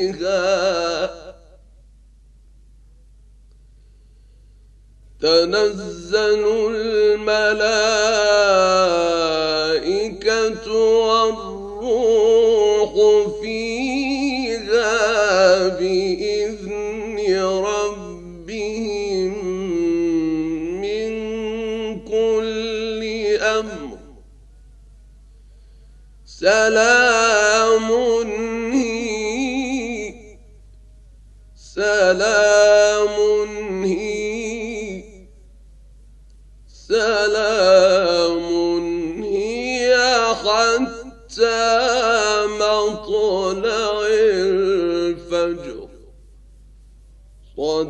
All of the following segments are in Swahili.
فيها تنزل الملائكة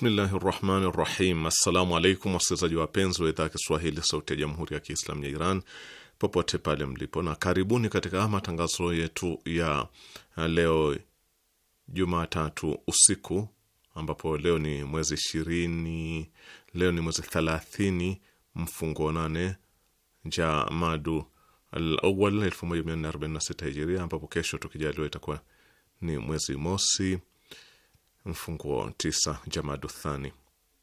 Bismillahi rahmani rahim. Assalamu alaikum wasikilizaji wapenzi wa idhaa ya Kiswahili sauti ya jamhuri ya Kiislamu ya Iran popote pale mlipo, na karibuni katika matangazo yetu ya leo Jumatatu usiku, ambapo leo ni mwezi ishirini, leo ni mwezi thalathini mfungo nane Jamadu arobaini na sita hijiria, ambapo kesho tukijaliwa itakuwa ni mwezi mosi mfunguo 9 Jamaduthani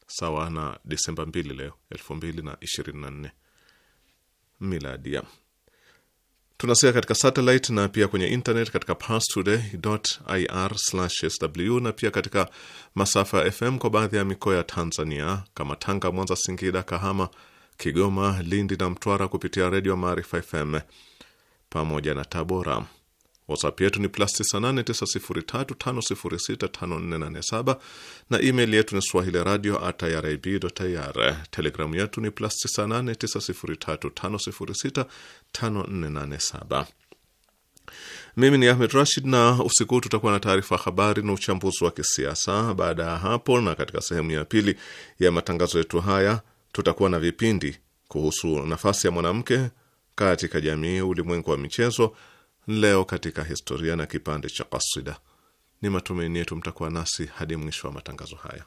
sawa na Disemba mbili leo nne miladia. Tunasikia katika satellite na pia kwenye internet katika parstoday.ir/sw na pia katika masafa ya FM kwa baadhi ya mikoa ya Tanzania kama Tanga, Mwanza, Singida, Kahama, Kigoma, Lindi na Mtwara kupitia redio Maarifa FM pamoja na Tabora. WhatsApp yetu ni plus 989035065487 na email yetu ni swahili radio at irib ir. Telegramu yetu ni plus 989035065487. Mimi ni Ahmed Rashid, na usiku huu tutakuwa na taarifa habari na uchambuzi wa kisiasa. Baada ya hapo, na katika sehemu ya pili ya matangazo yetu haya, tutakuwa na vipindi kuhusu nafasi ya mwanamke katika jamii, ulimwengu wa michezo leo katika historia na kipande cha kasida. Ni matumaini yetu mtakuwa nasi hadi mwisho wa matangazo haya.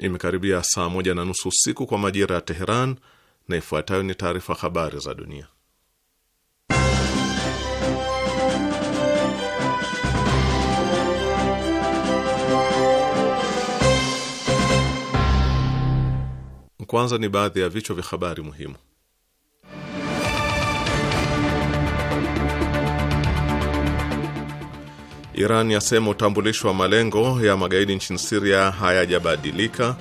Imekaribia saa moja na nusu usiku kwa majira ya Teheran, na ifuatayo ni taarifa habari za dunia. Kwanza ni baadhi ya vichwa vya habari muhimu. Iran yasema utambulisho wa malengo ya magaidi nchini Siria hayajabadilika.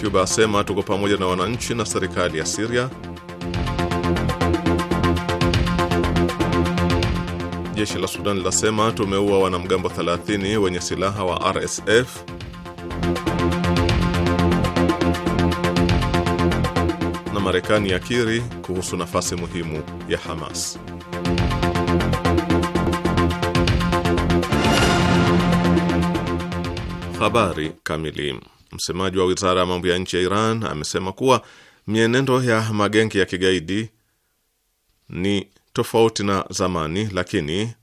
Cuba asema tuko pamoja na wananchi na serikali ya Siria. Jeshi la Sudan linasema tumeua wanamgambo 30 wenye silaha wa RSF. Marekani yakiri kuhusu nafasi muhimu ya Hamas. Habari kamili. Msemaji wa wizara ya mambo ya nje ya Iran amesema kuwa mienendo ya magengi ya kigaidi ni tofauti na zamani, lakini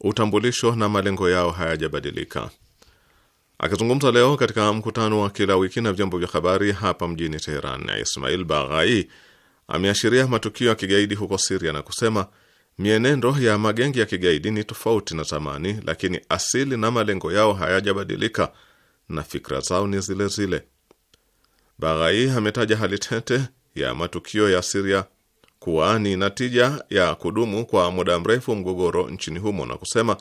utambulisho na malengo yao hayajabadilika. Akizungumza leo katika mkutano wa kila wiki na vyombo vya habari hapa mjini Teheran, Ismail Baghai ameashiria matukio ya kigaidi huko Siria na kusema mienendo ya magengi ya kigaidi ni tofauti na zamani, lakini asili na malengo yao hayajabadilika na fikra zao ni zile zile. Baghai ametaja hali tete ya matukio ya Siria kuwa ni natija ya kudumu kwa muda mrefu mgogoro nchini humo na kusema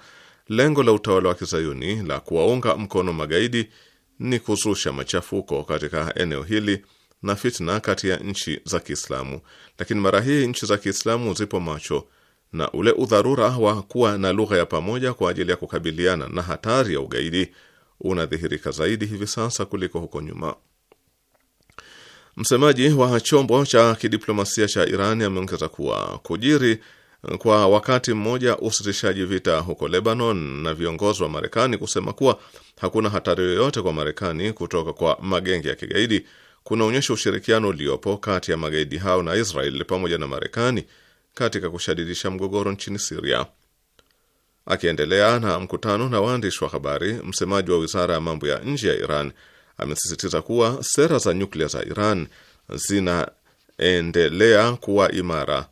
Lengo la utawala wa kizayuni la kuwaunga mkono magaidi ni kuzusha machafuko katika eneo hili na fitna kati ya nchi za Kiislamu, lakini mara hii nchi za Kiislamu zipo macho na ule udharura wa kuwa na lugha ya pamoja kwa ajili ya kukabiliana na hatari ya ugaidi unadhihirika zaidi hivi sasa kuliko huko nyuma. Msemaji wa chombo cha kidiplomasia cha Iran ameongeza kuwa kujiri kwa wakati mmoja usitishaji vita huko Lebanon na viongozi wa Marekani kusema kuwa hakuna hatari yoyote kwa Marekani kutoka kwa magenge ya kigaidi kunaonyesha ushirikiano uliopo kati ya magaidi hao na Israel pamoja na Marekani katika kushadidisha mgogoro nchini Siria. Akiendelea na mkutano na waandishi wa habari, msemaji wa wizara ya mambo ya nje ya Iran amesisitiza kuwa sera za nyuklia za Iran zinaendelea kuwa imara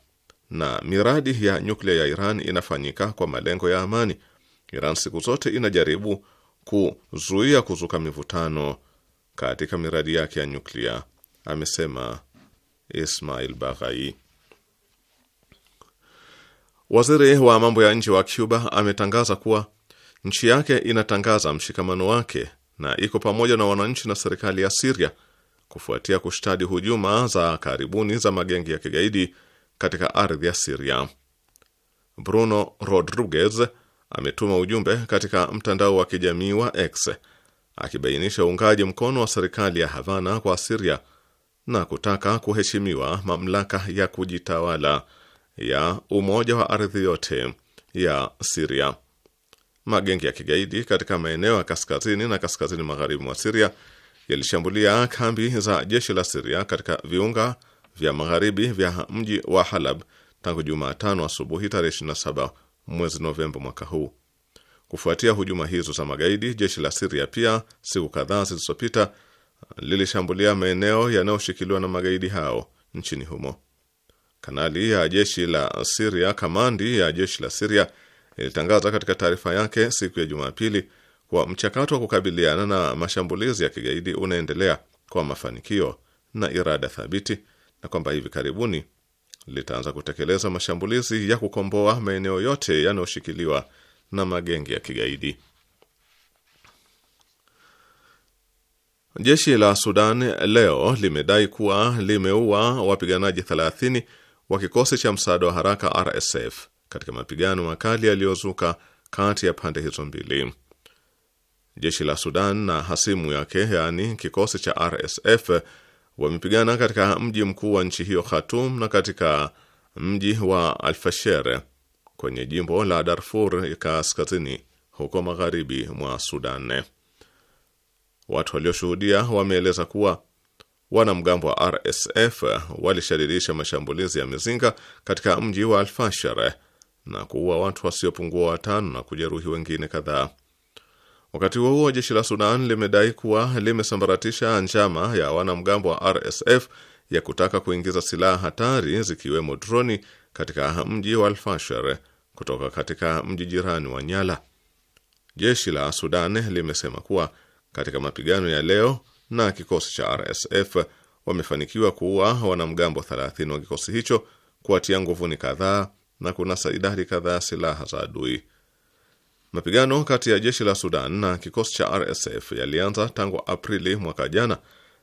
na miradi ya nyuklia ya Iran inafanyika kwa malengo ya amani. Iran siku zote inajaribu kuzuia kuzuka mivutano katika miradi yake ya nyuklia, amesema Ismail Baghai. Waziri wa mambo ya nje wa Cuba ametangaza kuwa nchi yake inatangaza mshikamano wake na iko pamoja na wananchi na serikali ya Siria kufuatia kushtadi hujuma za karibuni za magengi ya kigaidi katika ardhi ya Siria. Bruno Rodriguez ametuma ujumbe katika mtandao wa kijamii wa X akibainisha uungaji mkono wa serikali ya Havana kwa Siria na kutaka kuheshimiwa mamlaka ya kujitawala ya umoja wa ardhi yote ya Siria. magengi ya kigaidi katika maeneo ya kaskazini na kaskazini magharibi mwa Siria yalishambulia kambi za jeshi la Siria katika viunga vya magharibi vya mji wa Halab tangu Jumatano asubuhi tarehe 27 mwezi Novemba mwaka huu. Kufuatia hujuma hizo za magaidi, jeshi la Siria pia siku kadhaa zilizopita lilishambulia maeneo yanayoshikiliwa na magaidi hao nchini humo. Kanali ya jeshi la Siria, kamandi ya jeshi la Siria ilitangaza katika taarifa yake siku ya Jumapili kuwa mchakato wa kukabiliana na mashambulizi ya kigaidi unaendelea kwa mafanikio na irada thabiti na kwamba hivi karibuni litaanza kutekeleza mashambulizi ya kukomboa maeneo yote yanayoshikiliwa na magenge ya kigaidi. Jeshi la Sudan leo limedai kuwa limeua wapiganaji 30 wa kikosi cha msaada wa haraka RSF katika mapigano makali yaliyozuka kati ya pande hizo mbili. Jeshi la Sudan na hasimu yake, yaani kikosi cha RSF wamepigana katika mji mkuu wa nchi hiyo Khartoum na katika mji wa Alfasher kwenye jimbo la Darfur kaskazini huko magharibi mwa Sudan. Watu walioshuhudia wameeleza kuwa wanamgambo wa RSF walishadidisha mashambulizi ya mizinga katika mji wa Alfasher na kuua watu wasiopungua watano na kujeruhi wengine kadhaa. Wakati huo huo, jeshi la Sudan limedai kuwa limesambaratisha njama ya wanamgambo wa RSF ya kutaka kuingiza silaha hatari zikiwemo droni katika mji wa Alfashar kutoka katika mji jirani wa Nyala. Jeshi la Sudan limesema kuwa katika mapigano ya leo na kikosi cha RSF wamefanikiwa kuua wanamgambo 30 wa kikosi hicho, kuwatia nguvuni kadhaa na kunasa idadi kadhaa silaha za adui. Mapigano kati ya jeshi la Sudan na kikosi cha RSF yalianza tangu Aprili mwaka jana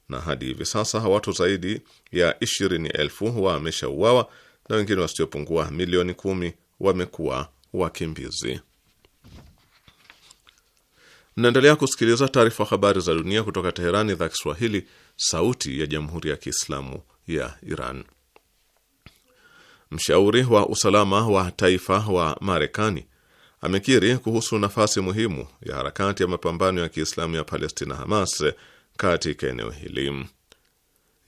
na hadi hivi sasa watu zaidi ya ishirini elfu wameshauawa na wengine wasiopungua milioni kumi wamekuwa wakimbizi. Mnaendelea kusikiliza taarifa habari za dunia kutoka Teherani, idhaa Kiswahili, sauti ya jamhuri ya kiislamu ya Iran. Mshauri wa usalama wa taifa wa Marekani amekiri kuhusu nafasi muhimu ya harakati ya mapambano ya Kiislamu ya Palestina Hamas katika eneo hili.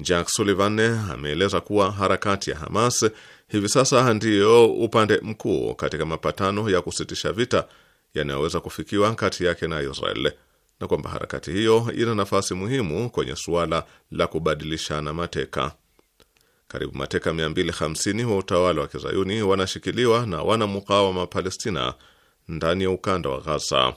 Jack Sullivan ameeleza kuwa harakati ya Hamas hivi sasa ndiyo upande mkuu katika mapatano ya kusitisha vita yanayoweza kufikiwa kati yake na Israel na kwamba harakati hiyo ina nafasi muhimu kwenye suala la kubadilishana mateka. Karibu mateka 250 wa utawala wa Kizayuni wanashikiliwa na wanamukawama Palestina ndani ya ukanda wa Ghaza.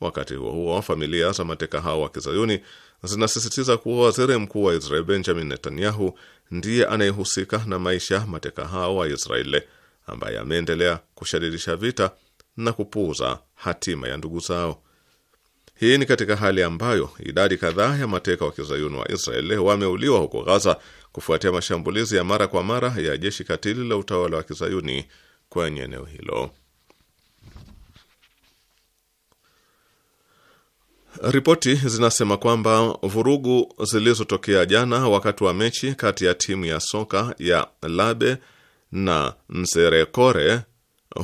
Wakati huo huo, familia za mateka hao wa kizayuni zinasisitiza kuwa waziri mkuu wa Israel Benjamin Netanyahu ndiye anayehusika na maisha mateka hao wa Israeli, ambaye ameendelea kushadidisha vita na kupuuza hatima ya ndugu zao. Hii ni katika hali ambayo idadi kadhaa ya mateka wa kizayuni wa Israeli wameuliwa huko Gaza kufuatia mashambulizi ya mara kwa mara ya jeshi katili la utawala wa kizayuni kwenye eneo hilo. Ripoti zinasema kwamba vurugu zilizotokea jana wakati wa mechi kati ya timu ya soka ya Labe na Nserekore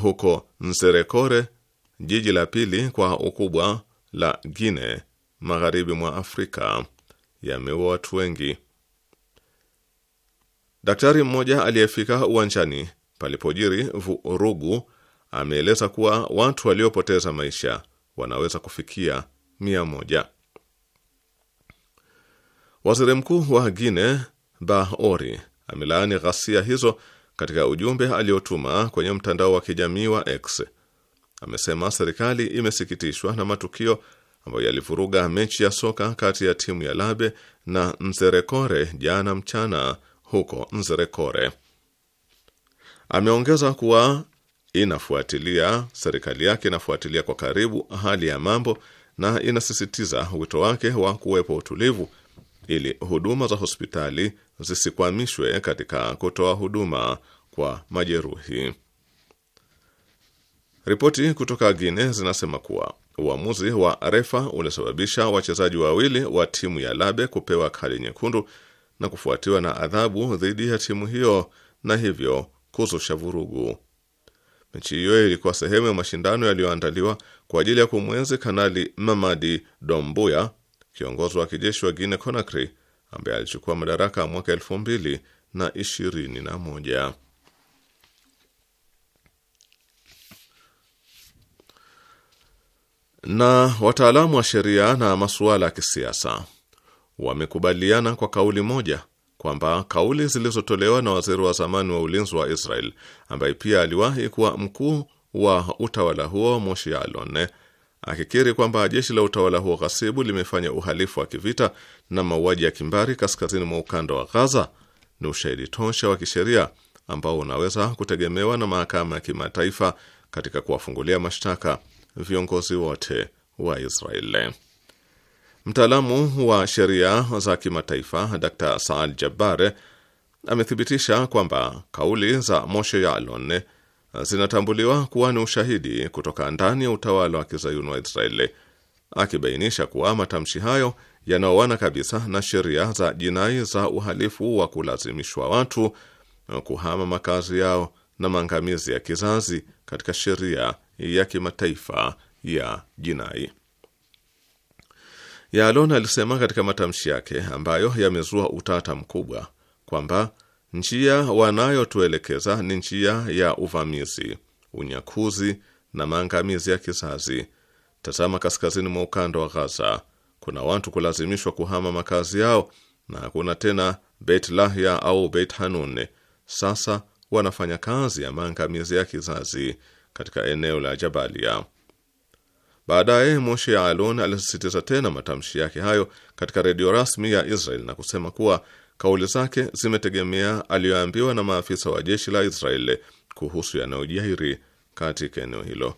huko Nserekore, jiji la pili kwa ukubwa la Guine magharibi mwa Afrika, yameua watu wengi. Daktari mmoja aliyefika uwanjani palipojiri vurugu ameeleza kuwa watu waliopoteza maisha wanaweza kufikia mia moja. Waziri mkuu wa Guine Baori amelaani ghasia hizo katika ujumbe aliotuma kwenye mtandao wa kijamii wa X. Amesema serikali imesikitishwa na matukio ambayo yalivuruga mechi ya soka kati ya timu ya Labe na Nzerekore jana mchana huko Nzerekore. Ameongeza kuwa inafuatilia serikali yake inafuatilia kwa karibu hali ya mambo na inasisitiza wito wake wa kuwepo utulivu ili huduma za hospitali zisikwamishwe katika kutoa huduma kwa majeruhi. Ripoti kutoka Guinea zinasema kuwa uamuzi wa refa ulisababisha wachezaji wawili wa timu ya Labe kupewa kadi nyekundu na kufuatiwa na adhabu dhidi ya timu hiyo na hivyo kuzusha vurugu Mechi hiyo ilikuwa sehemu ya mashindano yaliyoandaliwa kwa ajili ya kumwenzi Kanali Mamadi Dombuya, kiongozi wa kijeshi wa Guinea Conakry ambaye alichukua madaraka mwaka elfu mbili na ishirini na moja. Na wataalamu wa sheria na masuala ya kisiasa wamekubaliana kwa kauli moja kwamba kauli zilizotolewa na waziri wa zamani wa ulinzi wa Israel ambaye pia aliwahi kuwa mkuu wa utawala huo Moshe Yaalon akikiri kwamba jeshi la utawala huo ghasibu limefanya uhalifu wa kivita na mauaji ya kimbari kaskazini mwa ukanda wa Gaza ni ushahidi tosha wa kisheria ambao unaweza kutegemewa na mahakama ya kimataifa katika kuwafungulia mashtaka viongozi wote wa Israeli. Mtaalamu wa sheria za kimataifa Dr Saad Jabbar amethibitisha kwamba kauli za Moshe Yaalon zinatambuliwa kuwa ni ushahidi kutoka ndani ya utawala wa kizayuni wa Israeli, akibainisha kuwa matamshi hayo yanaoana kabisa na sheria za jinai za uhalifu wa kulazimishwa watu kuhama makazi yao na maangamizi ya kizazi katika sheria ya kimataifa ya jinai. Yalon alisema katika matamshi yake ambayo yamezua utata mkubwa kwamba njia wanayotuelekeza ni njia ya uvamizi, unyakuzi na maangamizi ya kizazi. Tazama kaskazini mwa ukanda wa Ghaza, kuna watu kulazimishwa kuhama makazi yao na hakuna tena Beit Lahya au Beit Hanun. Sasa wanafanya kazi ya maangamizi ya kizazi katika eneo la Jabalia. Baadaye Moshe Yaalon alisisitiza tena matamshi yake hayo katika redio rasmi ya Israel na kusema kuwa kauli zake zimetegemea aliyoambiwa na maafisa wa jeshi la Israel kuhusu yanayojiri katika eneo hilo.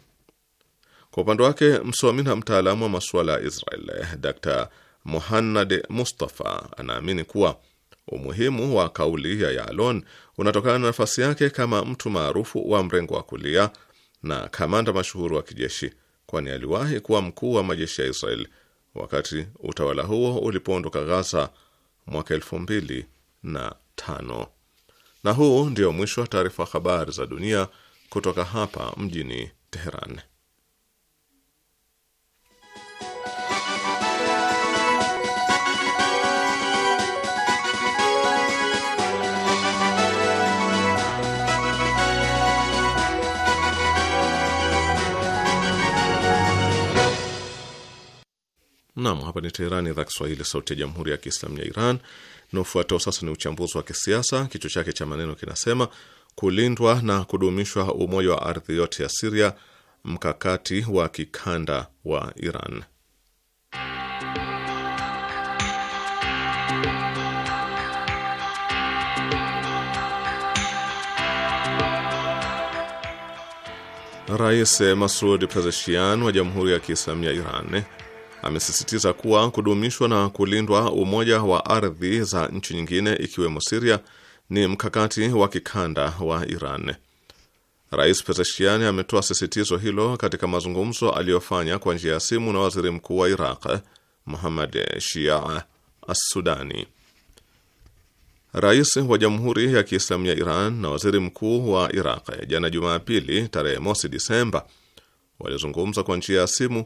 Kwa upande wake, msomi na mtaalamu wa masuala ya Israel Dr Muhannad Mustafa anaamini kuwa umuhimu wa kauli ya yalon unatokana na nafasi yake kama mtu maarufu wa mrengo wa kulia na kamanda mashuhuru wa kijeshi kwani aliwahi kuwa mkuu wa majeshi ya Israel wakati utawala huo ulipoondoka Gaza mwaka elfu mbili na tano. Na huu ndio mwisho wa taarifa habari za dunia kutoka hapa mjini Teheran. Naam, hapa ni Teherani, idhaa Kiswahili, sauti ya jamhuri ya kiislamu ya Iran. Na ufuatao sasa ni uchambuzi wa kisiasa, kichwa chake cha maneno kinasema kulindwa na kudumishwa umoja wa ardhi yote ya Siria, mkakati wa kikanda wa Iran. Rais masud Pezeshkian wa Jamhuri ya Kiislamu ya Iran amesisitiza kuwa kudumishwa na kulindwa umoja wa ardhi za nchi nyingine ikiwemo Siria ni mkakati wa kikanda wa Iran. Rais Pezeshkian ametoa sisitizo hilo katika mazungumzo aliyofanya kwa njia ya simu na waziri mkuu wa Iraq Muhammad Shia Assudani. Rais wa Jamhuri ya Kiislamu ya Iran na waziri mkuu wa Iraq jana Jumapili tarehe mosi Disemba walizungumza kwa njia ya simu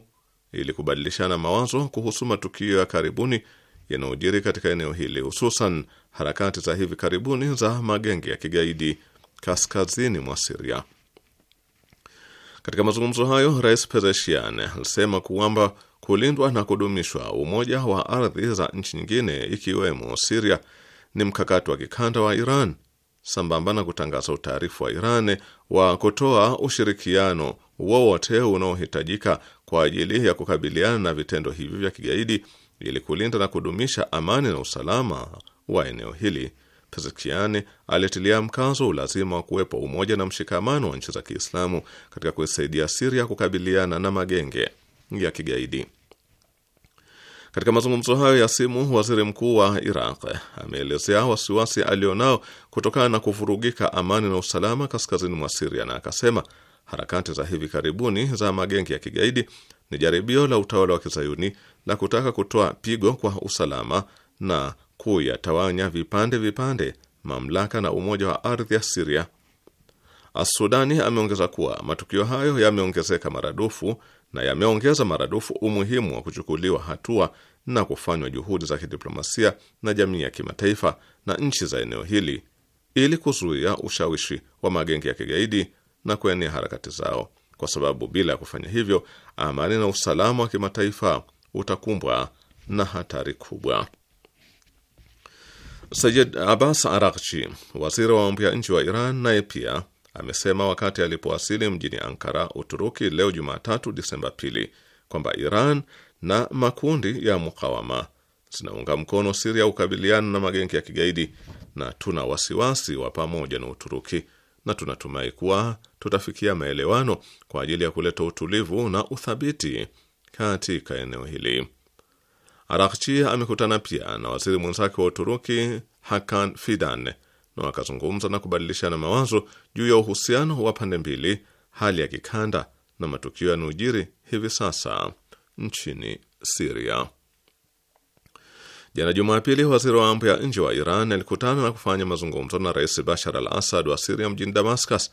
ili kubadilishana mawazo kuhusu matukio ya karibuni yanayojiri katika eneo hili, hususan harakati za hivi karibuni za magenge ya kigaidi kaskazini mwa Siria. Katika mazungumzo hayo, Rais Pezeshian alisema kwamba kulindwa na kudumishwa umoja wa ardhi za nchi nyingine ikiwemo Siria ni mkakati wa kikanda wa Iran sambamba na kutangaza utaarifu wa Iran wa kutoa ushirikiano wowote unaohitajika kwa ajili ya kukabiliana na vitendo hivi vya kigaidi ili kulinda na kudumisha amani na usalama wa eneo hili. Pezeshkian alitilia mkazo ulazima wa kuwepo umoja na mshikamano wa nchi za Kiislamu katika kuisaidia Siria kukabiliana na magenge ya kigaidi. Katika mazungumzo hayo ya simu, waziri mkuu wa Iraq ameelezea wasiwasi alionao kutokana na kuvurugika amani na usalama kaskazini mwa Siria na akasema Harakati za hivi karibuni za magengi ya kigaidi ni jaribio la utawala wa kizayuni la kutaka kutoa pigo kwa usalama na kuyatawanya vipande vipande mamlaka na umoja wa ardhi ya Siria. Assudani ameongeza kuwa matukio hayo yameongezeka maradufu na yameongeza maradufu umuhimu wa kuchukuliwa hatua na kufanywa juhudi za kidiplomasia na jamii ya kimataifa na nchi za eneo hili ili kuzuia ushawishi wa magenge ya kigaidi na kuenea harakati zao, kwa sababu bila ya kufanya hivyo, amani na usalama wa kimataifa utakumbwa na hatari kubwa. Sayid Abbas Arakchi, waziri wa mambo ya nje wa Iran, naye pia amesema wakati alipowasili mjini Ankara, Uturuki, leo Jumatatu Disemba pili, kwamba Iran na makundi ya mukawama zinaunga mkono Siria kukabiliana na magengi ya kigaidi na tuna wasiwasi wa pamoja na Uturuki na tunatumai kuwa tutafikia maelewano kwa ajili ya kuleta utulivu na uthabiti katika eneo hili. Arakchi amekutana pia na waziri mwenzake wa Uturuki Hakan Fidan na wakazungumza na kubadilishana mawazo juu ya uhusiano wa pande mbili, hali ya kikanda na matukio yanayojiri hivi sasa nchini Siria. Jana Jumapili, waziri wa mambo ya nje wa Iran alikutana na kufanya mazungumzo na Rais Bashar al Assad wa Siria mjini Damascus,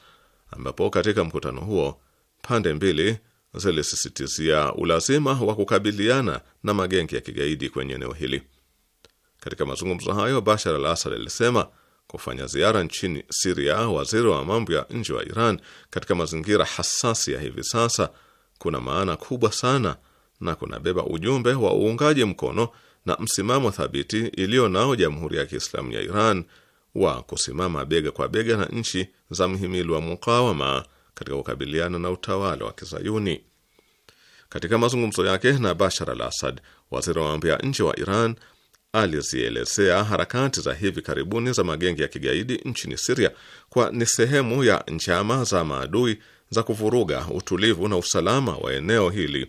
ambapo katika mkutano huo pande mbili zilisisitizia ulazima wa kukabiliana na magenge ya kigaidi kwenye eneo hili. Katika mazungumzo hayo, Bashar al Assad alisema kufanya ziara nchini Siria waziri wa mambo ya nje wa Iran katika mazingira hasasi ya hivi sasa kuna maana kubwa sana na kunabeba ujumbe wa uungaji mkono na msimamo thabiti iliyo nao Jamhuri ya Kiislamu ya Iran wa kusimama bega kwa bega na nchi za mhimili wa mukawama katika kukabiliana na utawala wa Kizayuni. Katika mazungumzo yake na Bashar al Assad, waziri wa mambo ya nje wa Iran alizielezea harakati za hivi karibuni za magenge ya kigaidi nchini Siria kwa ni sehemu ya njama za maadui za kuvuruga utulivu na usalama wa eneo hili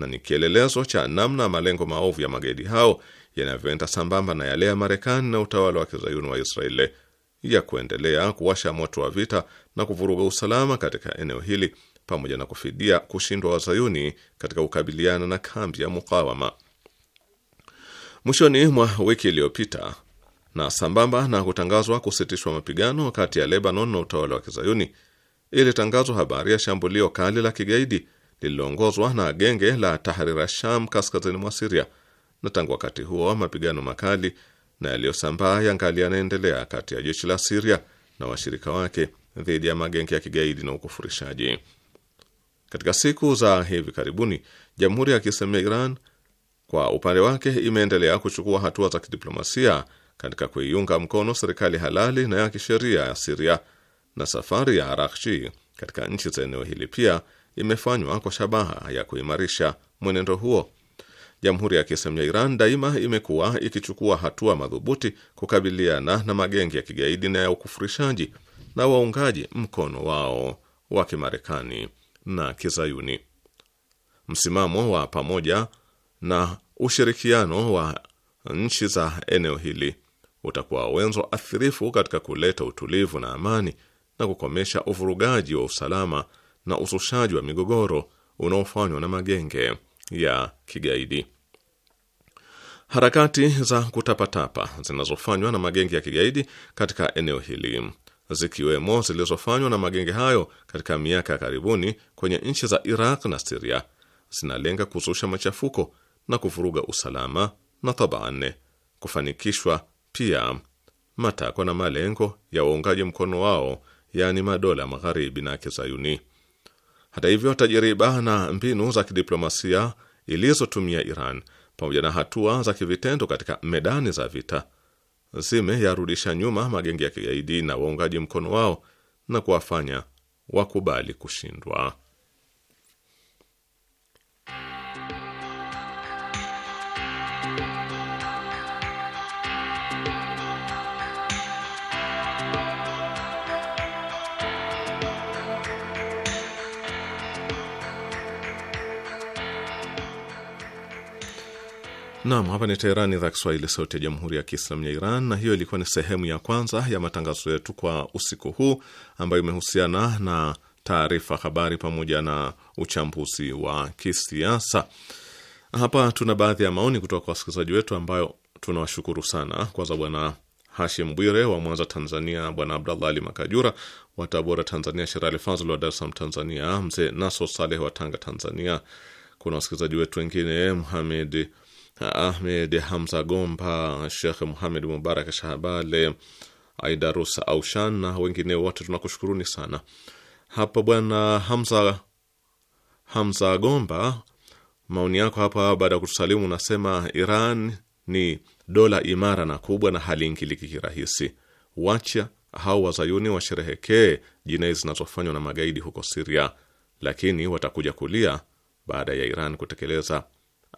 na ni kielelezo cha namna malengo maovu ya magaidi hao yanavyoenda sambamba na yale ya Marekani na utawala wa kizayuni wa Israeli ya kuendelea kuwasha moto wa vita na kuvuruga usalama katika eneo hili pamoja na kufidia kushindwa wazayuni katika kukabiliana na kambi ya mukawama. Mwishoni mwa wiki iliyopita, na sambamba na kutangazwa kusitishwa mapigano kati ya Lebanon na utawala wa kizayuni, ilitangazwa habari ya shambulio kali la kigaidi lililoongozwa na genge la Tahrira Sham kaskazini mwa Siria, na tangu wakati huo mapigano makali na yaliyosambaa yangali yanaendelea kati ya jeshi la Siria na washirika wake dhidi ya magenge ya kigaidi na ukufurishaji. Katika siku za hivi karibuni, Jamhuri ya Kiislamu ya Iran kwa upande wake imeendelea kuchukua hatua za kidiplomasia katika kuiunga mkono serikali halali na ya kisheria ya Siria, na safari ya Arakchi katika nchi za eneo hili pia imefanywa kwa shabaha ya kuimarisha mwenendo huo. Jamhuri ya Kiislamu ya Iran daima imekuwa ikichukua hatua madhubuti kukabiliana na magenge ya kigaidi na ya ukufurishaji na waungaji mkono wao wa Kimarekani na Kizayuni. Msimamo wa pamoja na ushirikiano wa nchi za eneo hili utakuwa wenzo athirifu katika kuleta utulivu na amani na kukomesha uvurugaji wa usalama na uzushaji wa migogoro unaofanywa na magenge ya kigaidi. Harakati za kutapatapa zinazofanywa na magenge ya kigaidi katika eneo hili zikiwemo zilizofanywa na magenge hayo katika miaka ya karibuni kwenye nchi za Iraq na Siria zinalenga kuzusha machafuko na kuvuruga usalama na tabaan kufanikishwa pia matakwa na malengo ya waungaji mkono wao, yaani madola magharibi na kizayuni. Hata hivyo, tajiriba na mbinu za kidiplomasia ilizotumia Iran pamoja na hatua za kivitendo katika medani za vita zimeyarudisha nyuma magenge ya kigaidi na waungaji mkono wao na kuwafanya wakubali kushindwa. Nam, hapa ni Teherani, idhaa Kiswahili, sauti ya jamhuri ya kiislamu ya Iran. Na hiyo ilikuwa ni sehemu ya kwanza ya matangazo yetu kwa usiku huu ambayo imehusiana na taarifa habari pamoja na uchambuzi wa kisiasa. Hapa tuna baadhi ya maoni kutoka kwa wasikilizaji wetu ambayo tunawashukuru sana. Kwanza Bwana Hashim Bwire wa Mwanza, Tanzania, Bwana Abdallah Ali Makajura wa Tabora, Tanzania, Sherali Fazl wa Dar es Salaam, Tanzania, Mzee Naso Saleh wa Tanga, Tanzania. Kuna wasikilizaji wetu wengine eh, Ahmed Hamza Gomba, Shekh Muhamed Mubarak Shahabale, Aidarus Aushan na wengine wote tunakushukuruni sana. Hapa bwana Hamza, Hamza Gomba, maoni yako hapa baada ya kutusalimu unasema Iran ni dola imara na kubwa na hali ingiliki kirahisi. Wacha hao wazayuni washerehekee jinai zinazofanywa na magaidi huko Siria, lakini watakuja kulia baada ya Iran kutekeleza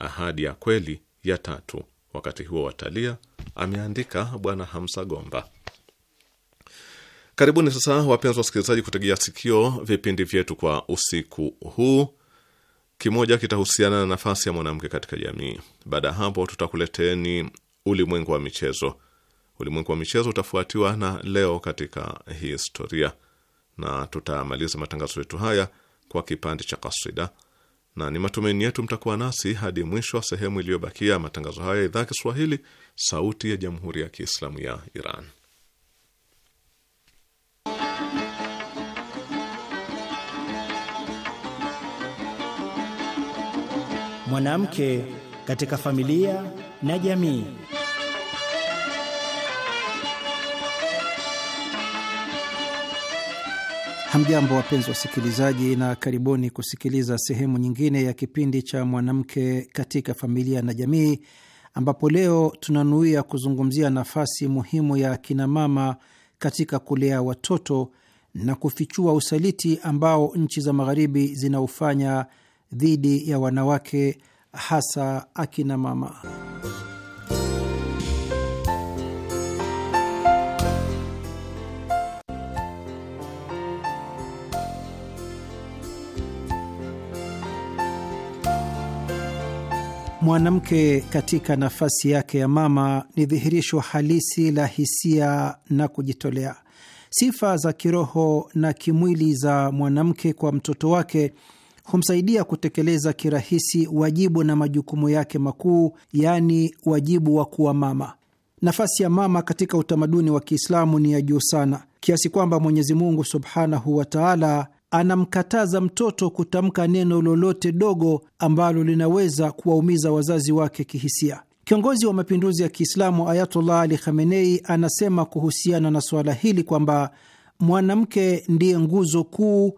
ahadi ya kweli ya tatu. Wakati huo watalia, ameandika Bwana hamsa Gomba. Karibuni sasa wapenzi wasikilizaji, kutegea sikio vipindi vyetu kwa usiku huu. Kimoja kitahusiana na nafasi ya mwanamke katika jamii. Baada ya hapo, tutakuleteni ulimwengu wa michezo. Ulimwengu wa michezo utafuatiwa na leo katika historia, na tutamaliza matangazo yetu haya kwa kipande cha kasida na ni matumaini yetu mtakuwa nasi hadi mwisho wa sehemu iliyobakia matangazo haya ya idhaa Kiswahili, Sauti ya Jamhuri ya Kiislamu ya Iran. Mwanamke katika familia na jamii. Hamjambo, wapenzi wasikilizaji, na karibuni kusikiliza sehemu nyingine ya kipindi cha mwanamke katika familia na jamii, ambapo leo tunanuia kuzungumzia nafasi muhimu ya akinamama katika kulea watoto na kufichua usaliti ambao nchi za Magharibi zinaufanya dhidi ya wanawake, hasa akinamama. Mwanamke katika nafasi yake ya mama ni dhihirisho halisi la hisia na kujitolea. Sifa za kiroho na kimwili za mwanamke kwa mtoto wake humsaidia kutekeleza kirahisi wajibu na majukumu yake makuu, yaani wajibu wa kuwa mama. Nafasi ya mama katika utamaduni wa Kiislamu ni ya juu sana kiasi kwamba Mwenyezi Mungu subhanahu wa taala anamkataza mtoto kutamka neno lolote dogo ambalo linaweza kuwaumiza wazazi wake kihisia. Kiongozi wa mapinduzi ya Kiislamu Ayatullah Ali Khamenei anasema kuhusiana na suala hili kwamba mwanamke ndiye nguzo kuu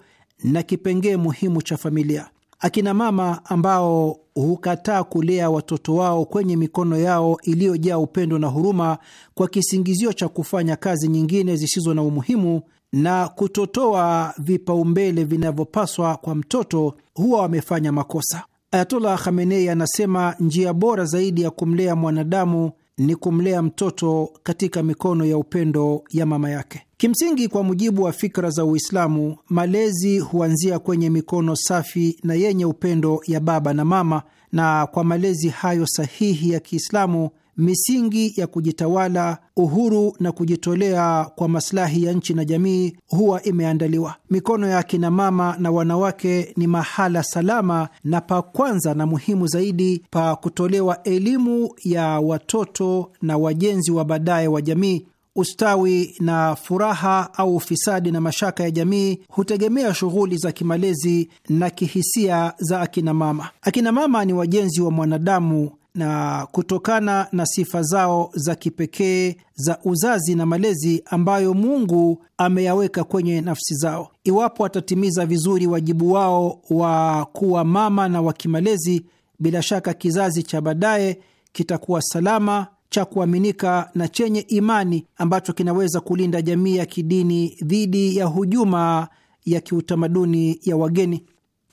na kipengee muhimu cha familia. Akina mama ambao hukataa kulea watoto wao kwenye mikono yao iliyojaa upendo na huruma kwa kisingizio cha kufanya kazi nyingine zisizo na umuhimu na kutotoa vipaumbele vinavyopaswa kwa mtoto huwa wamefanya makosa. Ayatola Khamenei anasema njia bora zaidi ya kumlea mwanadamu ni kumlea mtoto katika mikono ya upendo ya mama yake. Kimsingi, kwa mujibu wa fikra za Uislamu, malezi huanzia kwenye mikono safi na yenye upendo ya baba na mama, na kwa malezi hayo sahihi ya Kiislamu misingi ya kujitawala, uhuru na kujitolea kwa maslahi ya nchi na jamii huwa imeandaliwa. Mikono ya akina mama na wanawake ni mahala salama na pa kwanza na muhimu zaidi pa kutolewa elimu ya watoto na wajenzi wa baadaye wa jamii. Ustawi na furaha au ufisadi na mashaka ya jamii hutegemea shughuli za kimalezi na kihisia za akinamama. Akinamama ni wajenzi wa mwanadamu na kutokana na sifa zao za kipekee za uzazi na malezi ambayo Mungu ameyaweka kwenye nafsi zao. Iwapo watatimiza vizuri wajibu wao wa kuwa mama na wakimalezi bila shaka kizazi cha baadaye kitakuwa salama, cha kuaminika na chenye imani ambacho kinaweza kulinda jamii ya kidini dhidi ya hujuma ya kiutamaduni ya wageni.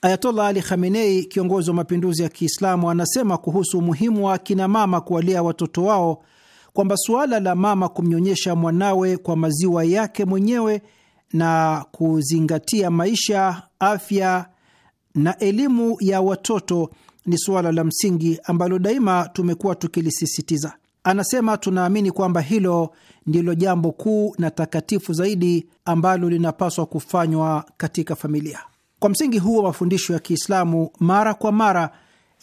Ayatollah Ali Khamenei, kiongozi wa mapinduzi ya Kiislamu, anasema kuhusu umuhimu wa akina mama kuwalea watoto wao kwamba suala la mama kumnyonyesha mwanawe kwa maziwa yake mwenyewe na kuzingatia maisha, afya na elimu ya watoto ni suala la msingi ambalo daima tumekuwa tukilisisitiza. Anasema tunaamini kwamba hilo ndilo jambo kuu na takatifu zaidi ambalo linapaswa kufanywa katika familia. Kwa msingi huo, mafundisho ya Kiislamu mara kwa mara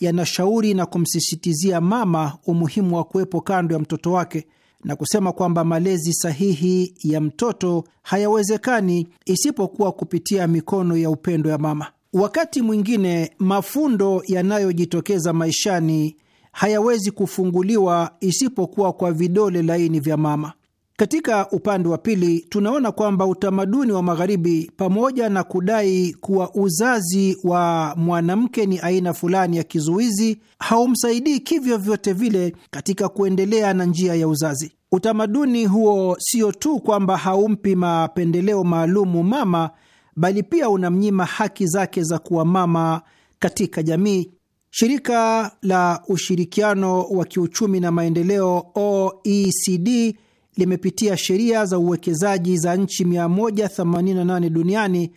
yanashauri na kumsisitizia mama umuhimu wa kuwepo kando ya mtoto wake na kusema kwamba malezi sahihi ya mtoto hayawezekani isipokuwa kupitia mikono ya upendo ya mama. Wakati mwingine mafundo yanayojitokeza maishani hayawezi kufunguliwa isipokuwa kwa vidole laini vya mama. Katika upande wa pili, tunaona kwamba utamaduni wa Magharibi, pamoja na kudai kuwa uzazi wa mwanamke ni aina fulani ya kizuizi, haumsaidii kivyo vyote vile katika kuendelea na njia ya uzazi. Utamaduni huo sio tu kwamba haumpi mapendeleo maalumu mama, bali pia unamnyima haki zake za kuwa mama katika jamii. Shirika la ushirikiano wa kiuchumi na maendeleo, OECD, limepitia sheria za uwekezaji za nchi 188 duniani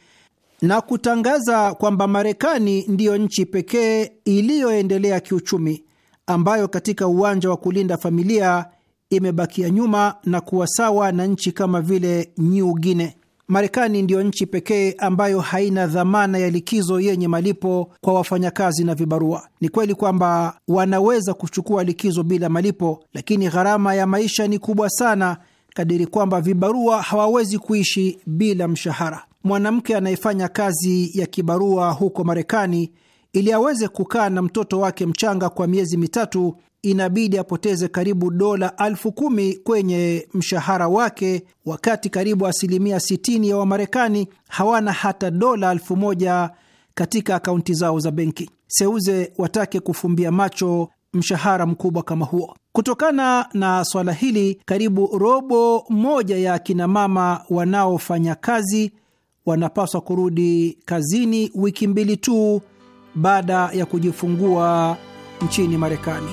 na kutangaza kwamba Marekani ndiyo nchi pekee iliyoendelea kiuchumi ambayo katika uwanja wa kulinda familia imebakia nyuma na kuwa sawa na nchi kama vile New Guinea. Marekani ndiyo nchi pekee ambayo haina dhamana ya likizo yenye malipo kwa wafanyakazi na vibarua. Ni kweli kwamba wanaweza kuchukua likizo bila malipo, lakini gharama ya maisha ni kubwa sana kadiri kwamba vibarua hawawezi kuishi bila mshahara. Mwanamke anayefanya kazi ya kibarua huko Marekani ili aweze kukaa na mtoto wake mchanga kwa miezi mitatu, inabidi apoteze karibu dola elfu kumi kwenye mshahara wake, wakati karibu asilimia 60 ya Wamarekani hawana hata dola elfu moja katika akaunti zao za benki. Seuze watake kufumbia macho mshahara mkubwa kama huo. Kutokana na swala hili, karibu robo moja ya akinamama wanaofanya kazi wanapaswa kurudi kazini wiki mbili tu baada ya kujifungua nchini Marekani.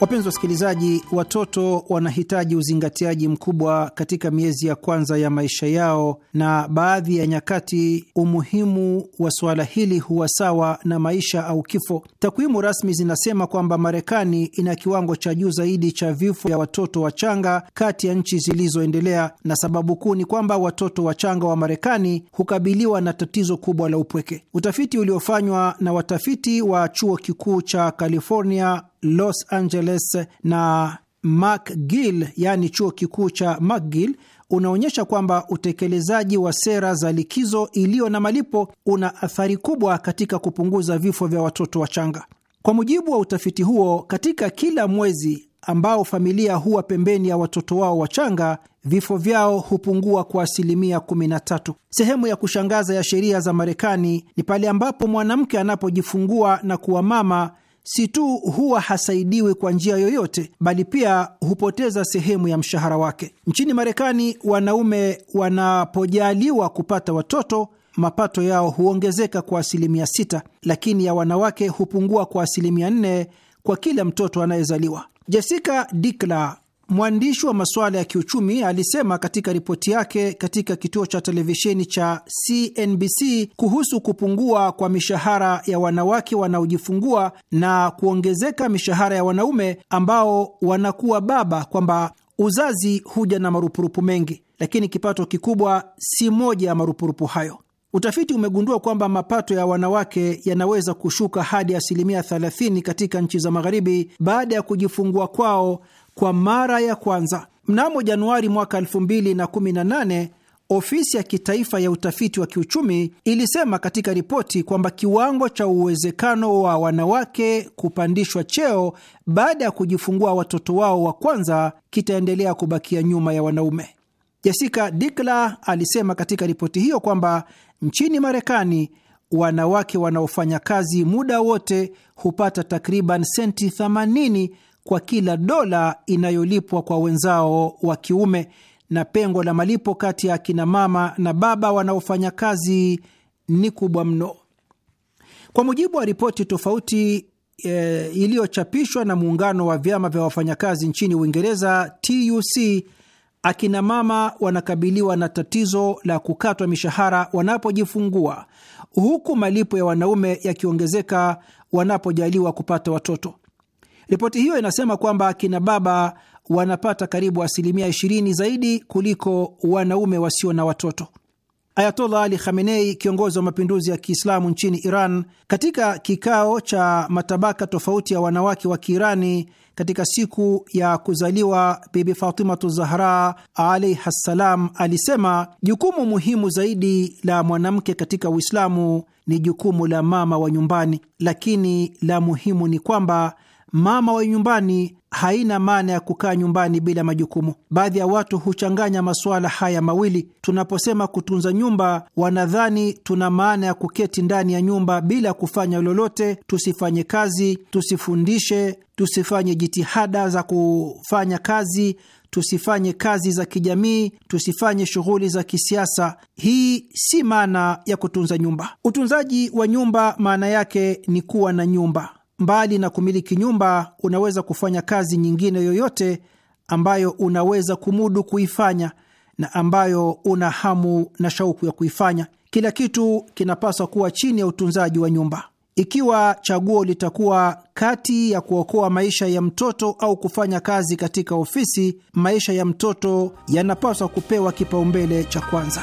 Wapenzi wasikilizaji, watoto wanahitaji uzingatiaji mkubwa katika miezi ya kwanza ya maisha yao, na baadhi ya nyakati umuhimu wa suala hili huwa sawa na maisha au kifo. Takwimu rasmi zinasema kwamba Marekani ina kiwango cha juu zaidi cha vifo vya watoto wachanga kati ya nchi zilizoendelea, na sababu kuu ni kwamba watoto wachanga wa Marekani hukabiliwa na tatizo kubwa la upweke. Utafiti uliofanywa na watafiti wa chuo kikuu cha California Los Angeles na McGill, yani chuo kikuu cha McGill unaonyesha kwamba utekelezaji wa sera za likizo iliyo na malipo una athari kubwa katika kupunguza vifo vya watoto wachanga. Kwa mujibu wa utafiti huo, katika kila mwezi ambao familia huwa pembeni ya watoto wao wachanga, vifo vyao hupungua kwa asilimia 13. Sehemu ya kushangaza ya sheria za Marekani ni pale ambapo mwanamke anapojifungua na kuwa mama si tu huwa hasaidiwi kwa njia yoyote, bali pia hupoteza sehemu ya mshahara wake. Nchini Marekani, wanaume wanapojaliwa kupata watoto mapato yao huongezeka kwa asilimia sita, lakini ya wanawake hupungua kwa asilimia nne kwa kila mtoto anayezaliwa. Jessica Dikla mwandishi wa masuala ya kiuchumi alisema katika ripoti yake katika kituo cha televisheni cha CNBC kuhusu kupungua kwa mishahara ya wanawake wanaojifungua na kuongezeka mishahara ya wanaume ambao wanakuwa baba kwamba uzazi huja na marupurupu mengi, lakini kipato kikubwa si moja ya marupurupu hayo. Utafiti umegundua kwamba mapato ya wanawake yanaweza kushuka hadi asilimia 30 katika nchi za Magharibi baada ya kujifungua kwao kwa mara ya kwanza. Mnamo Januari mwaka 2018 ofisi ya kitaifa ya utafiti wa kiuchumi ilisema katika ripoti kwamba kiwango cha uwezekano wa wanawake kupandishwa cheo baada ya kujifungua watoto wao wa kwanza kitaendelea kubakia nyuma ya wanaume. Jessica Dikla alisema katika ripoti hiyo kwamba nchini Marekani wanawake wanaofanya kazi muda wote hupata takriban senti 80 kwa kila dola inayolipwa kwa wenzao wa kiume, na pengo la malipo kati ya akina mama na baba wanaofanya kazi ni kubwa mno. Kwa mujibu wa ripoti tofauti e, iliyochapishwa na muungano wa vyama vya wafanyakazi nchini Uingereza TUC, akina mama wanakabiliwa na tatizo la kukatwa mishahara wanapojifungua, huku malipo ya wanaume yakiongezeka wanapojaliwa kupata watoto. Ripoti hiyo inasema kwamba akina baba wanapata karibu asilimia 20 zaidi kuliko wanaume wasio na watoto. Ayatollah Ali Khamenei, kiongozi wa mapinduzi ya Kiislamu nchini Iran, katika kikao cha matabaka tofauti ya wanawake wa Kiirani katika siku ya kuzaliwa Bibi Fatimatu Zahra alaiha ssalam, alisema jukumu muhimu zaidi la mwanamke katika Uislamu ni jukumu la mama wa nyumbani, lakini la muhimu ni kwamba mama wa nyumbani haina maana ya kukaa nyumbani bila majukumu. Baadhi ya watu huchanganya masuala haya mawili. Tunaposema kutunza nyumba, wanadhani tuna maana ya kuketi ndani ya nyumba bila kufanya lolote, tusifanye kazi, tusifundishe, tusifanye jitihada za kufanya kazi tusifanye kazi za kijamii, tusifanye shughuli za kisiasa. Hii si maana ya kutunza nyumba. Utunzaji wa nyumba maana yake ni kuwa na nyumba, Mbali na kumiliki nyumba, unaweza kufanya kazi nyingine yoyote ambayo unaweza kumudu kuifanya na ambayo una hamu na shauku ya kuifanya. Kila kitu kinapaswa kuwa chini ya utunzaji wa nyumba. Ikiwa chaguo litakuwa kati ya kuokoa maisha ya mtoto au kufanya kazi katika ofisi, maisha ya mtoto yanapaswa kupewa kipaumbele cha kwanza.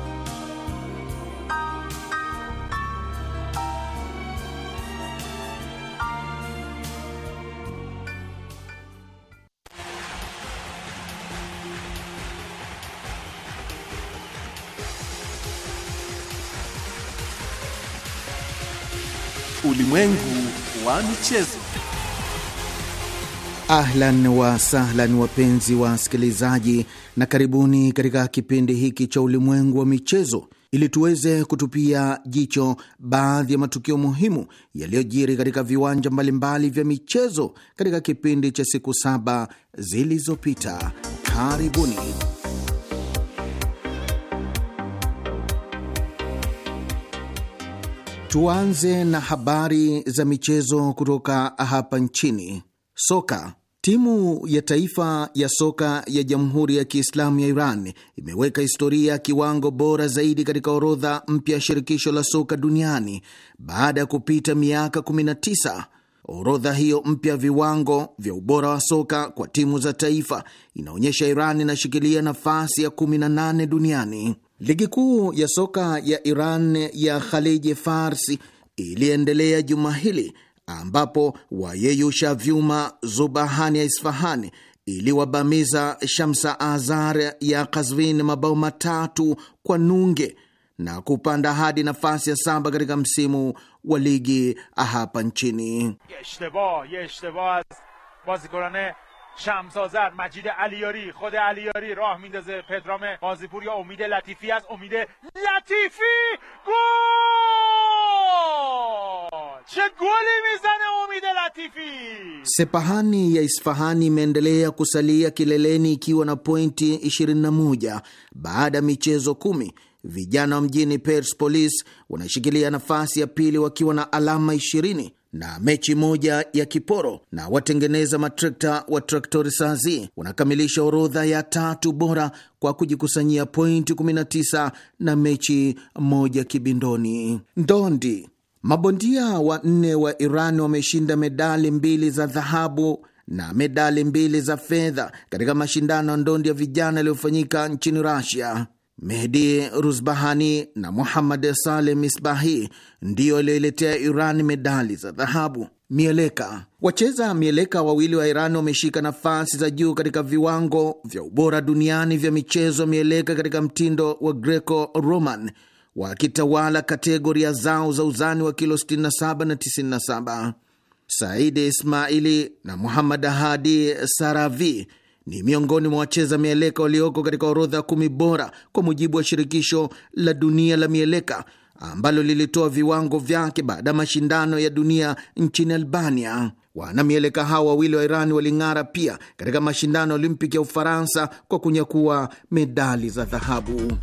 Ulimwengu wa michezo. Ahlan wa sahlan, wapenzi wa wasikilizaji, na karibuni katika kipindi hiki cha ulimwengu wa michezo ili tuweze kutupia jicho baadhi ya matukio muhimu yaliyojiri katika viwanja mbalimbali vya michezo katika kipindi cha siku saba zilizopita. Karibuni. Tuanze na habari za michezo kutoka hapa nchini. Soka. Timu ya taifa ya soka ya Jamhuri ya Kiislamu ya Iran imeweka historia ya kiwango bora zaidi katika orodha mpya ya shirikisho la soka duniani baada ya kupita miaka 19. Orodha hiyo mpya viwango vya ubora wa soka kwa timu za taifa inaonyesha Iran inashikilia nafasi ya 18 duniani. Ligi kuu ya soka ya Iran ya Khaliji Farsi iliendelea juma hili ambapo wayeyusha vyuma Zubahani ya Isfahani iliwabamiza Shamsa Azar ya Kazvin mabao matatu kwa nunge na kupanda hadi nafasi ya saba katika msimu wa ligi hapa nchini. شمسازر مجید علیاری خود علیاری راه میندازه پدرام قاضیپور یا امید لطیفی از امید لطیفی گل چه گلی میزنه امید لطیفی Sepahani یا Isfahani imeendelea kusalia kileleni ikiwa na pointi 21 baada ya michezo kumi. Vijana wa mjini Persepolis wanashikilia nafasi ya pili wakiwa na alama 20 na mechi moja ya kiporo na watengeneza matrekta wa Traktori Sazi wanakamilisha orodha ya tatu bora kwa kujikusanyia pointi 19 na mechi moja kibindoni. Ndondi, mabondia wanne wa Iran wameshinda medali mbili za dhahabu na medali mbili za fedha katika mashindano ya ndondi ya vijana yaliyofanyika nchini rusia Mehdi Rusbahani na Muhammad Saleh Misbahi ndiyo aliyoiletea Iran medali za dhahabu. Mieleka. Wacheza mieleka wawili wa Iran wameshika nafasi za juu katika viwango vya ubora duniani vya michezo mieleka katika mtindo wa Greco Roman, wakitawala kategoria zao za uzani wa kilo 67 na 97. Saidi Ismaili na Muhammad Hadi Saravi ni miongoni mwa wacheza mieleka walioko katika orodha ya kumi bora kwa mujibu wa shirikisho la dunia la mieleka ambalo lilitoa viwango vyake baada ya mashindano ya dunia nchini Albania. Wanamieleka hao wawili wa Irani waling'ara pia katika mashindano ya Olimpiki ya Ufaransa kwa kunyakua medali za dhahabu.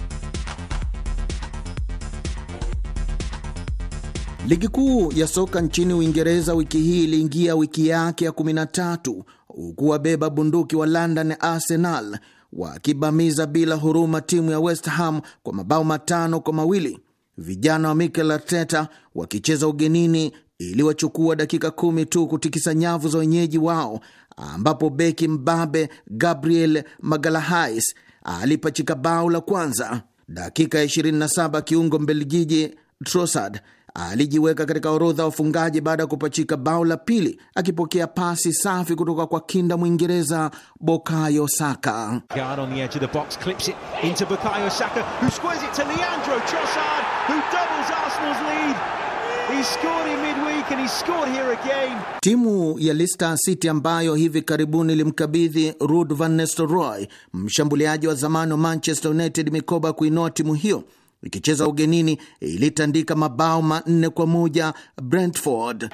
Ligi kuu ya soka nchini Uingereza wiki hii iliingia wiki yake ya 13 huku wabeba bunduki wa London Arsenal wakibamiza bila huruma timu ya West Ham kwa mabao matano kwa mawili. Vijana wa Mikel Arteta wakicheza ugenini iliwachukua dakika kumi tu kutikisa nyavu za wenyeji wao, ambapo beki mbabe Gabriel Magalhaes alipachika bao la kwanza. Dakika ya 27 kiungo Mbelgiji Trossard alijiweka katika orodha wafungaji baada ya kupachika bao la pili akipokea pasi safi kutoka kwa kinda Mwingereza Bokayo Saka. Timu ya Leicester City ambayo hivi karibuni ilimkabidhi Ruud van Nistelrooy, mshambuliaji wa zamani wa Manchester United, mikoba kuinua timu hiyo Ikicheza ugenini ilitandika mabao manne kwa moja Brentford.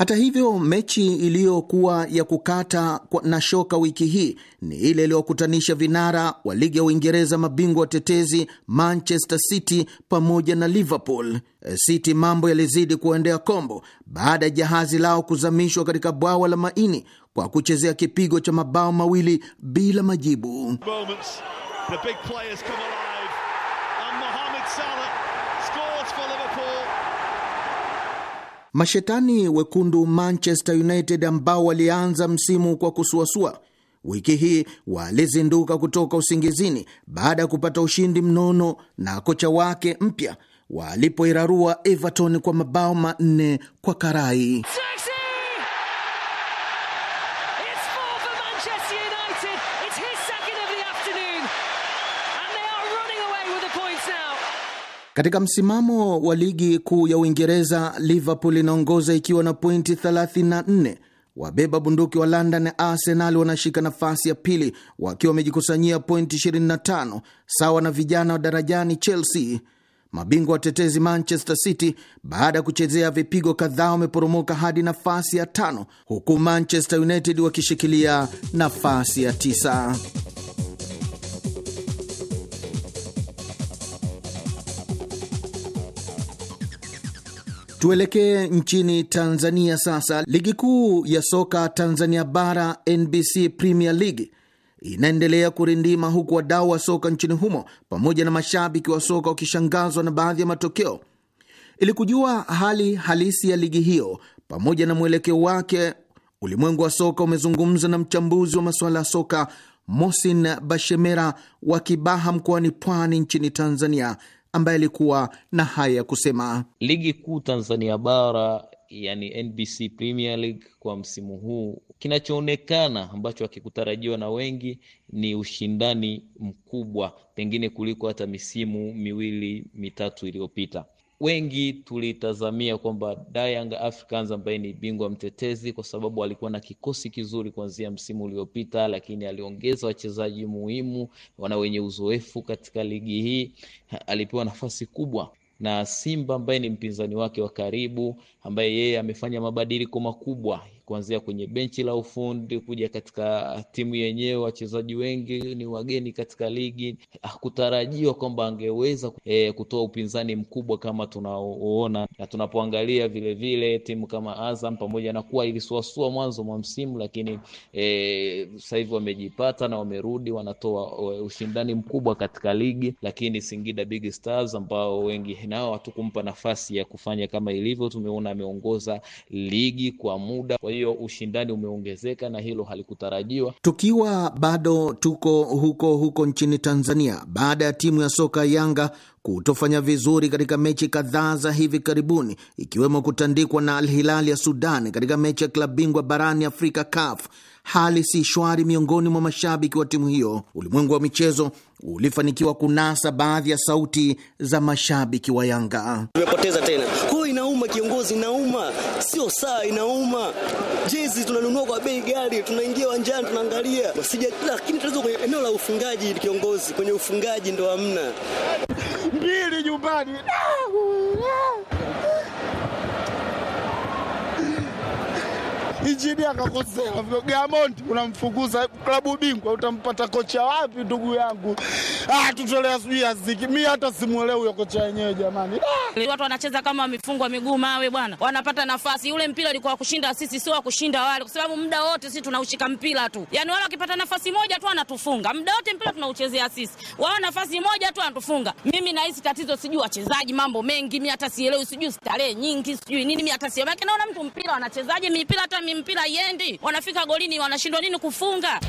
Hata hivyo, mechi iliyokuwa ya kukata na shoka wiki hii ni ile iliyokutanisha vinara wa ligi ya Uingereza, mabingwa watetezi Manchester City pamoja na Liverpool. Eh, City mambo yalizidi kuendea kombo baada ya jahazi lao kuzamishwa katika bwawa la maini kwa kuchezea kipigo cha mabao mawili bila majibu. The big players come alive. And Mohamed Salah scores for Liverpool. Mashetani wekundu Manchester United ambao walianza msimu kwa kusuasua, wiki hii walizinduka kutoka usingizini baada ya kupata ushindi mnono na kocha wake mpya walipoirarua Everton kwa mabao manne kwa karai. Katika msimamo wa ligi kuu ya Uingereza, Liverpool inaongoza ikiwa na pointi 34. Wabeba bunduki wa London Arsenal wanashika nafasi ya pili wakiwa wamejikusanyia pointi 25 sawa na vijana wa darajani Chelsea. Mabingwa watetezi Manchester City baada ya kuchezea vipigo kadhaa wameporomoka hadi nafasi ya tano huku Manchester United wakishikilia nafasi ya tisa. Tuelekee nchini Tanzania sasa. Ligi kuu ya soka Tanzania Bara, NBC Premier League, inaendelea kurindima huku wadau wa soka nchini humo pamoja na mashabiki wa soka wakishangazwa na baadhi ya matokeo. Ili kujua hali halisi ya ligi hiyo pamoja na mwelekeo wake, ulimwengu wa soka umezungumza na mchambuzi wa masuala ya soka Mosin Bashemera wa Kibaha mkoani Pwani nchini Tanzania ambaye alikuwa na haya ya kusema. Ligi kuu Tanzania bara yani NBC Premier League kwa msimu huu, kinachoonekana ambacho hakikutarajiwa na wengi ni ushindani mkubwa, pengine kuliko hata misimu miwili mitatu iliyopita wengi tulitazamia kwamba da Young Africans ambaye ni bingwa mtetezi, kwa sababu alikuwa na kikosi kizuri kuanzia msimu uliopita, lakini aliongeza wachezaji muhimu wana wenye uzoefu katika ligi hii, alipewa nafasi kubwa na Simba ambaye ni mpinzani wake wa karibu, ambaye yeye amefanya mabadiliko makubwa kuanzia kwenye benchi la ufundi kuja katika timu yenyewe. Wachezaji wengi ni wageni katika ligi, hakutarajiwa kwamba angeweza e, kutoa upinzani mkubwa kama tunaoona na tunapoangalia vilevile timu kama Azam, pamoja na kuwa ilisuasua mwanzo mwa msimu, lakini e, sasa hivi wamejipata na wamerudi, wanatoa e, ushindani mkubwa katika ligi. Lakini Singida Big Stars ambao wengi nao hatukumpa nafasi ya kufanya kama ilivyo, tumeona ameongoza ligi kwa muda kwa hiyo ushindani umeongezeka na hilo halikutarajiwa. Tukiwa bado tuko huko huko nchini Tanzania, baada ya timu ya soka Yanga kutofanya vizuri katika mechi kadhaa za hivi karibuni ikiwemo kutandikwa na Al ya Sudan katika mechi ya klabu bingwa barani Afrika CAF, hali si shwari miongoni mwa mashabiki wa timu hiyo. Ulimwengu wa michezo ulifanikiwa kunasa baadhi ya sauti za mashabiki wa Yanga. Tumepoteza tena, inauma, kiongozi, inauma sio saa, inauma. Jezi tunanunua kwa bei gari tunaingia uwanjani tunaangalia, lakini tatizo kwenye eneo la ufungaji, kiongozi, kwenye ufungaji ndo hamna mbili nyumbani ah, ah. injini akakosea Gamond unamfukuza klabu bingwa, utampata kocha wapi? Ndugu yangu, ah, tutolea sijui aziki. Mi hata simuelewe huyo kocha wenyewe jamani. Ah, watu wanacheza kama wamefungwa miguu mawe bwana, wanapata nafasi. Ule mpira ulikuwa kushinda sisi, sio wa kushinda wale, kwa sababu muda wote sisi tunaushika mpira tu, yani wale wakipata nafasi moja tu anatufunga muda wote, mpira tunauchezea sisi, wao nafasi moja tu anatufunga. Mimi nahisi tatizo sijui wachezaji, mambo mengi mi hata sielewi, sijui starehe nyingi, sijui nini, mi hata sielewi. Naona mtu mpira wanachezaje mipira hata nini mpira yendi, wanafika golini wanashindwa nini kufunga.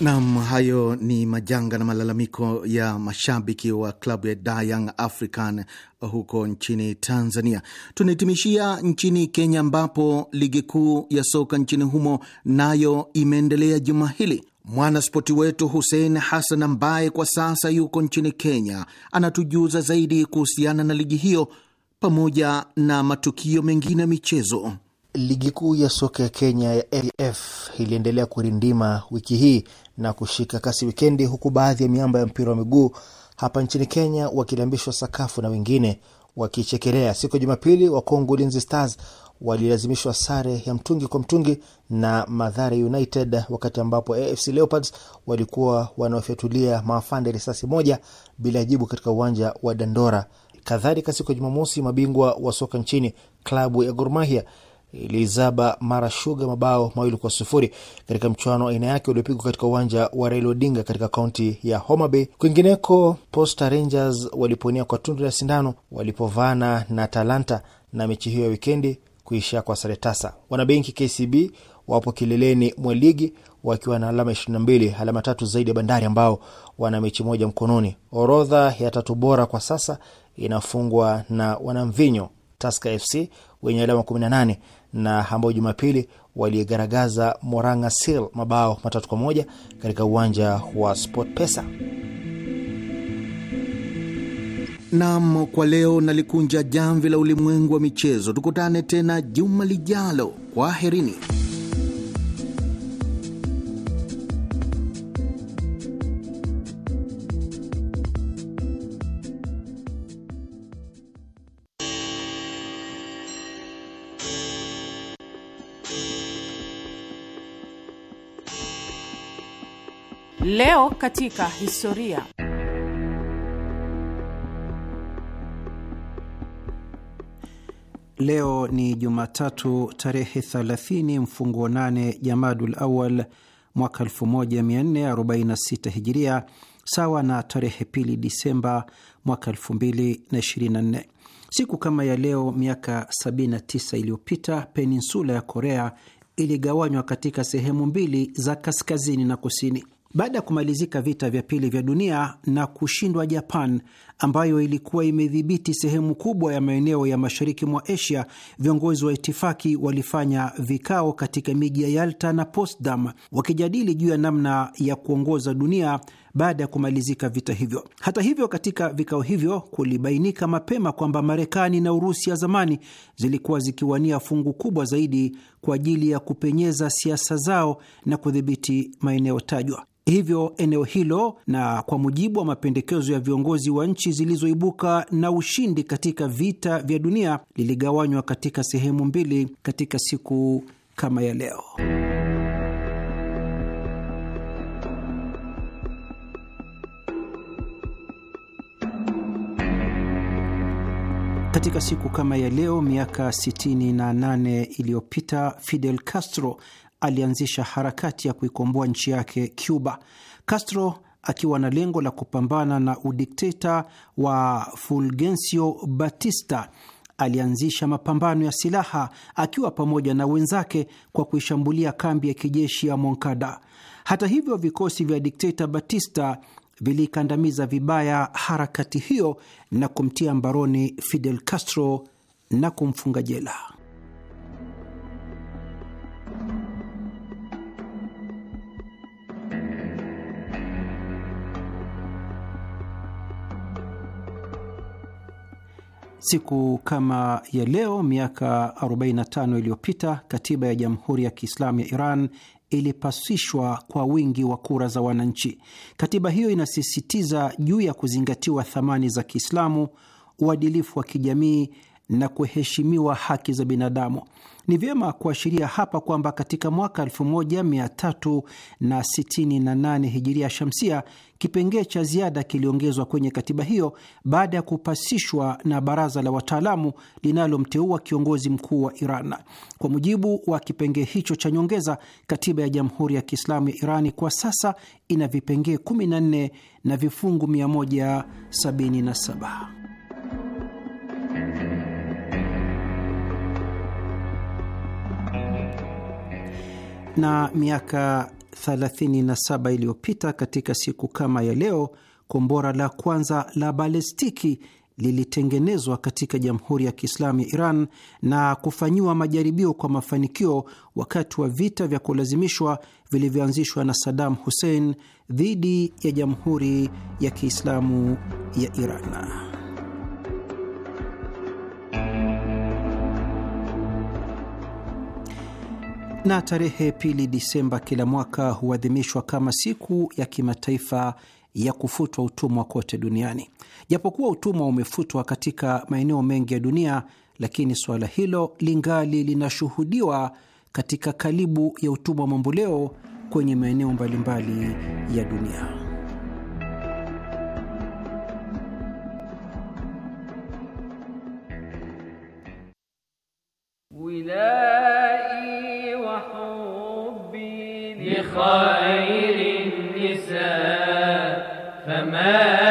Nam, hayo ni majanga na malalamiko ya mashabiki wa klabu ya Young African huko nchini Tanzania. Tunahitimishia nchini Kenya, ambapo ligi kuu ya soka nchini humo nayo imeendelea juma hili. Mwanaspoti wetu Hussein Hassan ambaye kwa sasa yuko nchini Kenya anatujuza zaidi kuhusiana na ligi hiyo pamoja na matukio mengine ya michezo. Ligi kuu ya soka ya Kenya ya af iliendelea kurindima wiki hii na kushika kasi wikendi, huku baadhi ya miamba ya mpira wa miguu hapa nchini Kenya wakilambishwa sakafu na wengine wakichekelea. Siku ya Jumapili, Wakongo Ulinzi Stars walilazimishwa sare ya mtungi kwa mtungi na Madhare United, wakati ambapo AFC Leopards walikuwa wanaofyatulia maafande risasi moja bila jibu katika uwanja wa Dandora Kadhalika, siku ya Jumamosi, mabingwa wa soka nchini klabu ya Gor Mahia ilizaba Mara shuga mabao mawili kwa sufuri katika mchuano aina yake uliopigwa katika uwanja wa Raila Odinga katika kaunti ya Homa Bay. Kwingineko, Posta Rangers waliponia kwa tundu la sindano walipovana na Talanta na mechi hiyo ya wikendi kuishia kwa sare tasa. Wanabenki KCB wapo kileleni mwa ligi wakiwa na alama 22, alama tatu zaidi ya Bandari ambao wana mechi moja mkononi. Orodha ya tatu bora kwa sasa inafungwa na wanamvinyo Tusker FC wenye alama 18 na ambao Jumapili waligaragaza Moranga Seal mabao matatu kwa moja katika uwanja wa Pesa. Nam, kwa leo nalikunja jamvi la ulimwengu wa michezo. Tukutane tena juma lijalo, kwaherini. Leo katika historia. Leo ni Jumatatu tarehe 30 mfunguo 8 Jamadul Awal mwaka 1446 Hijiria, sawa na tarehe pili Disemba mwaka 2024. Siku kama ya leo miaka 79 iliyopita peninsula ya Korea iligawanywa katika sehemu mbili za kaskazini na kusini. Baada ya kumalizika vita vya pili vya dunia na kushindwa Japan, ambayo ilikuwa imedhibiti sehemu kubwa ya maeneo ya mashariki mwa Asia, viongozi wa itifaki walifanya vikao katika miji ya Yalta na Potsdam wakijadili juu ya namna ya kuongoza dunia baada ya kumalizika vita hivyo. Hata hivyo, katika vikao hivyo kulibainika mapema kwamba Marekani na Urusi ya zamani zilikuwa zikiwania fungu kubwa zaidi kwa ajili ya kupenyeza siasa zao na kudhibiti maeneo tajwa. Hivyo eneo hilo, na kwa mujibu wa mapendekezo ya viongozi wa nchi nchi zilizoibuka na ushindi katika vita vya dunia liligawanywa katika sehemu mbili katika siku kama ya leo. Katika siku kama ya leo miaka 68 iliyopita Fidel Castro alianzisha harakati ya kuikomboa nchi yake Cuba. Castro akiwa na lengo la kupambana na udikteta wa Fulgencio Batista alianzisha mapambano ya silaha akiwa pamoja na wenzake kwa kuishambulia kambi ya kijeshi ya Moncada. Hata hivyo, vikosi vya dikteta Batista vilikandamiza vibaya harakati hiyo na kumtia mbaroni Fidel Castro na kumfunga jela. Siku kama ya leo miaka 45 iliyopita katiba ya Jamhuri ya Kiislamu ya Iran ilipasishwa kwa wingi wa kura za wananchi. Katiba hiyo inasisitiza juu ya kuzingatiwa thamani za Kiislamu, uadilifu wa kijamii na kuheshimiwa haki za binadamu. Ni vyema kuashiria hapa kwamba katika mwaka 1368 hijiria shamsia kipengee cha ziada kiliongezwa kwenye katiba hiyo baada ya kupasishwa na baraza la wataalamu linalomteua kiongozi mkuu wa Iran. Kwa mujibu wa kipengee hicho cha nyongeza, katiba ya Jamhuri ya Kiislamu ya Irani kwa sasa ina vipengee 14 na vifungu 177. Na miaka 37 iliyopita katika siku kama ya leo, kombora la kwanza la balestiki lilitengenezwa katika Jamhuri ya Kiislamu ya Iran na kufanyiwa majaribio kwa mafanikio wakati wa vita vya kulazimishwa vilivyoanzishwa na Saddam Hussein dhidi ya Jamhuri ya Kiislamu ya Iran. na tarehe pili Disemba kila mwaka huadhimishwa kama siku ya kimataifa ya kufutwa utumwa kote duniani. Japokuwa utumwa umefutwa katika maeneo mengi ya dunia, lakini suala hilo lingali linashuhudiwa katika kalibu ya utumwa mamboleo kwenye maeneo mbalimbali ya dunia. خير النساء فما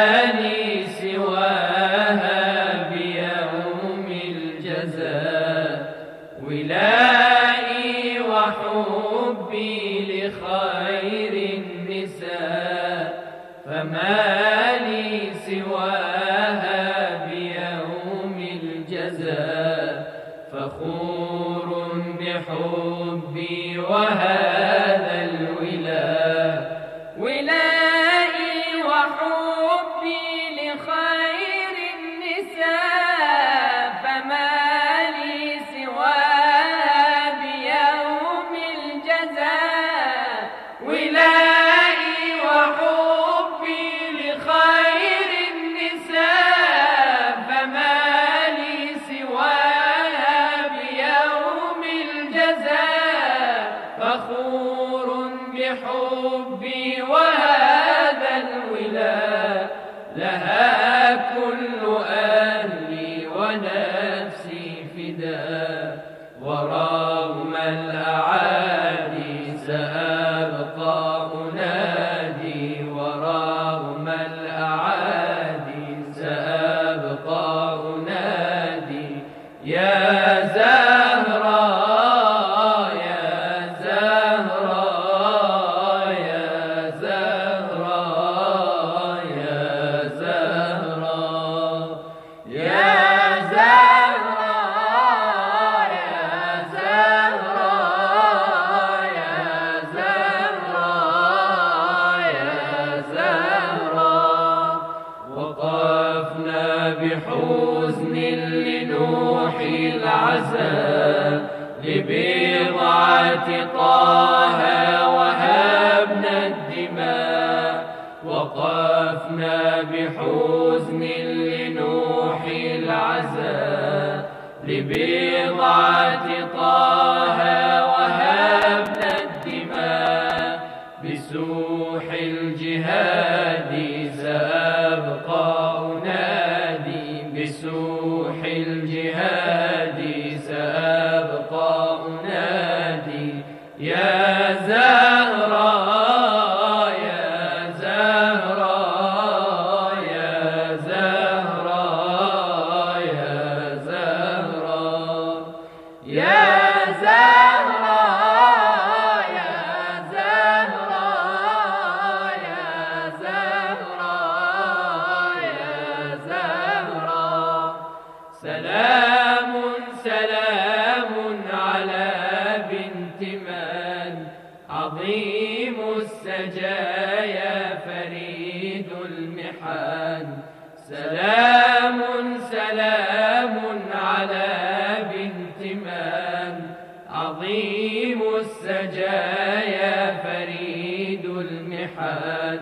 عظيم السجايا فريد المحال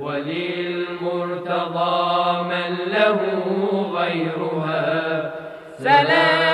وللمرتضى من له غيرها سلام